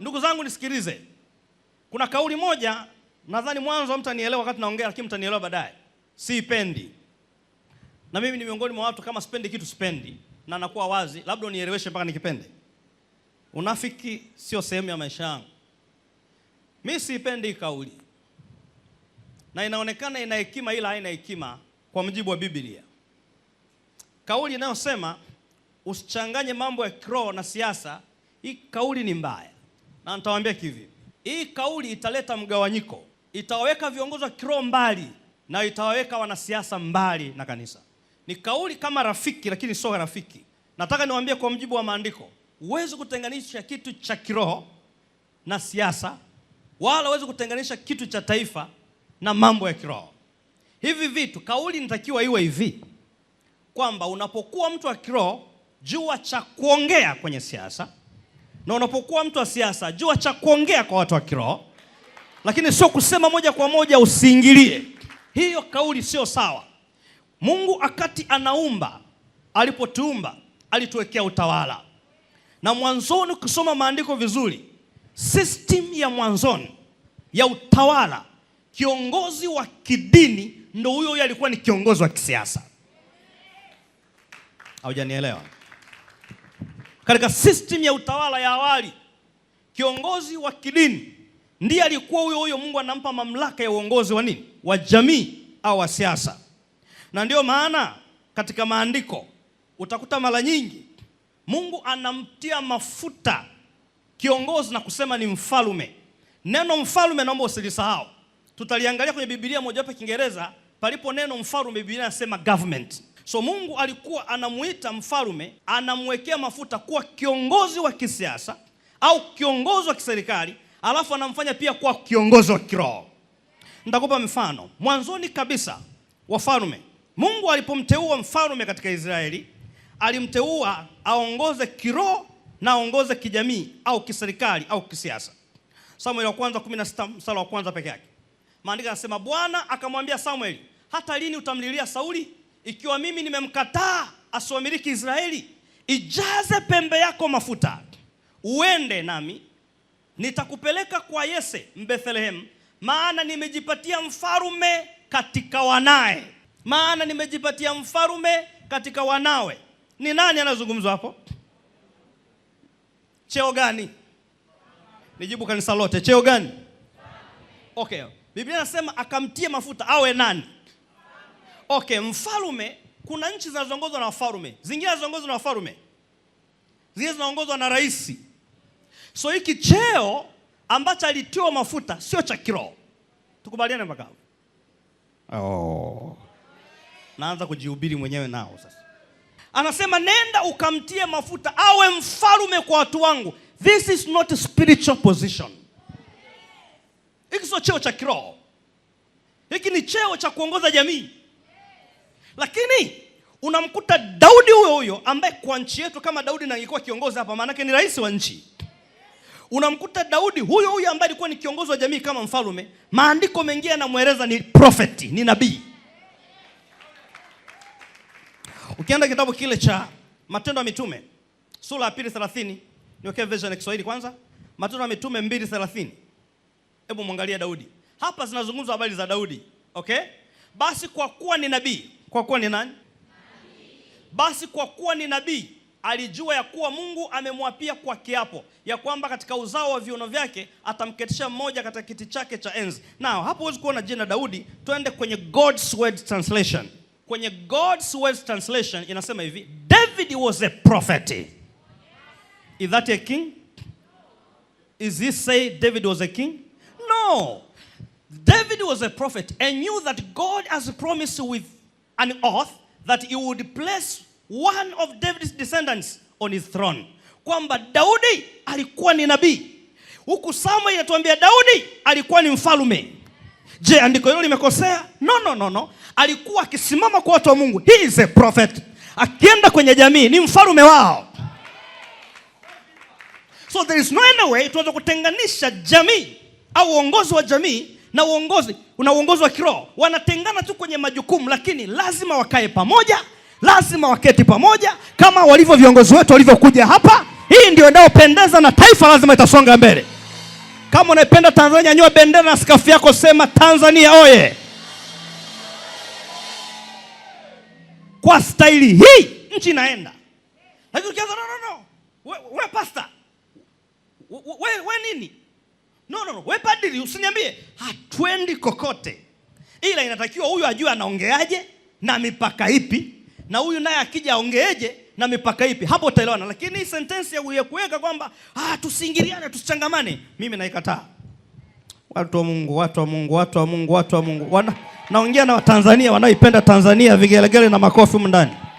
Ndugu zangu nisikilize, kuna kauli moja nadhani mwanzo mtanielewa wakati naongea, lakini mtanielewa baadaye. Siipendi na mimi ni miongoni mwa watu, kama sipendi kitu sipendi, na nakuwa wazi, labda unieleweshe mpaka nikipende. Unafiki sio sehemu ya maisha yangu. Mimi siipendi kauli, na inaonekana ina hekima, ila haina hekima kwa mjibu wa Biblia. Kauli inayosema usichanganye mambo ya kiroho na siasa, hii kauli ni mbaya na nitawaambia hivi, hii kauli italeta mgawanyiko, itawaweka viongozi wa kiroho mbali na itawaweka wanasiasa mbali na kanisa. Ni kauli kama rafiki, lakini sio rafiki. Nataka niwaambie kwa mjibu wa maandiko, huwezi kutenganisha kitu cha kiroho na siasa, wala huwezi kutenganisha kitu cha taifa na mambo ya kiroho. Hivi vitu, kauli inatakiwa iwe hivi kwamba unapokuwa mtu wa kiroho, jua cha kuongea kwenye siasa na unapokuwa mtu wa siasa, jua cha kuongea kwa watu wa kiroho, lakini sio kusema moja kwa moja usiingilie. Hiyo kauli sio sawa. Mungu akati anaumba, alipotuumba alituwekea utawala, na mwanzoni, ukisoma maandiko vizuri, system ya mwanzoni ya utawala, kiongozi wa kidini ndo huyo huyo alikuwa ni kiongozi wa kisiasa. Haujanielewa? katika system ya utawala ya awali, kiongozi wa kidini ndiye alikuwa huyo huyo. Mungu anampa mamlaka ya uongozi wa nini, wa jamii au wa siasa, na ndiyo maana katika maandiko utakuta mara nyingi Mungu anamtia mafuta kiongozi na kusema ni mfalume. Neno mfalume naomba usilisahau, tutaliangalia kwenye Biblia mojawapo ya Kiingereza, palipo neno mfalume Biblia inasema government So Mungu alikuwa anamuita mfalme, anamwekea mafuta kuwa kiongozi wa kisiasa au kiongozi wa kiserikali, alafu anamfanya pia kuwa kiongozi wa kiroho. Nitakupa mfano. Mwanzoni kabisa wafalme, Mungu alipomteua mfalme katika Israeli alimteua aongoze kiroho na aongoze kijamii au kiserikali au kisiasa. Samueli wa kwanza 16 mstari wa kwanza peke yake maandiko yanasema, Bwana akamwambia Samueli, hata lini utamlilia Sauli ikiwa mimi nimemkataa asiwamiliki Israeli, ijaze pembe yako mafuta uende nami, nitakupeleka kwa Yese Mbethlehemu, maana nimejipatia mfarume katika wanae, maana nimejipatia mfarume katika wanawe. Ni nani anazungumzwa hapo? Cheo gani? Nijibu kanisa lote, cheo gani? Okay, Biblia nasema akamtie mafuta awe nani? okay, mfalume Kuna nchi zinazoongozwa na wafalme, zingine zinaongozwa na wafalme, zingine zinaongozwa na rais. So hiki cheo ambacho alitiwa mafuta sio cha kiroho, tukubaliane mpaka hapo. Oh. Naanza kujihubiri mwenyewe nao sasa. Anasema nenda ukamtie mafuta awe mfalme kwa watu wangu. This is not a spiritual position. Hiki sio cheo cha kiroho, hiki ni cheo cha kuongoza jamii lakini unamkuta Daudi huyo huyo ambaye kwa nchi yetu kama Daudi na angekuwa kiongozi hapa, maanake ni rais wa nchi. Unamkuta Daudi huyo huyo ambaye alikuwa ni kiongozi wa jamii kama mfalume, maandiko mengi yanamweleza ni profeti, ni nabii. Ukienda kitabu kile cha Matendo ya Mitume sura ya 2:30, niwekee version ya Kiswahili kwanza. Matendo ya Mitume 2:30, hebu mwangalia Daudi hapa, zinazungumzwa habari za Daudi. Okay, basi kwa kuwa ni nabii kwa kuwa ni nani? Basi kwa kuwa ni nabii alijua ya kuwa Mungu amemwapia kwa kiapo ya kwamba katika uzao wa viuno vyake atamketisha mmoja katika kiti chake cha enzi. Na hapo huwezi kuona jina Daudi, twende kwenye God's Word Translation. Kwenye God's Word Translation inasema hivi, David was a prophet. Is that a king? Is he say David was a king? No. David was a prophet and knew that God has promised with an oath that he would place one of David's descendants on his throne, kwamba Daudi alikuwa ni nabii, huku Samuel inatuambia Daudi alikuwa ni mfalume. Je, andiko hilo limekosea? No, no, no, no. Alikuwa akisimama kwa watu wa Mungu, he is a prophet. Akienda kwenye jamii ni mfalume wao. So there is no any way tunaweza kutenganisha jamii au uongozi wa jamii na uongozi una uongozi wa kiroho wana wanaonekana tu kwenye majukumu, lakini lazima wakae pamoja, lazima waketi pamoja kama walivyo viongozi wetu walivyokuja hapa. Hii ndio inayopendeza na taifa lazima itasonga mbele. Kama unaipenda Tanzania, nyoa bendera na skafu yako, sema Tanzania oye! Kwa staili hii nchi inaenda, lakini ukianza no, no, no. We, we pasta we, we, we nini no, no, no. We padiri usiniambie, hatwendi kokote ila inatakiwa huyu ajue anaongeaje na mipaka ipi, na huyu naye akija aongeeje na mipaka ipi, hapo utaelewana. Lakini hii sentensi ya kuweka kwamba ah, tusiingiliane tusichangamane, mimi naikataa. Watu wa Mungu, watu wa Mungu, watu wa Mungu, watu wa Mungu, wana naongea na Watanzania wanaoipenda Tanzania, vigelegele na makofi mndani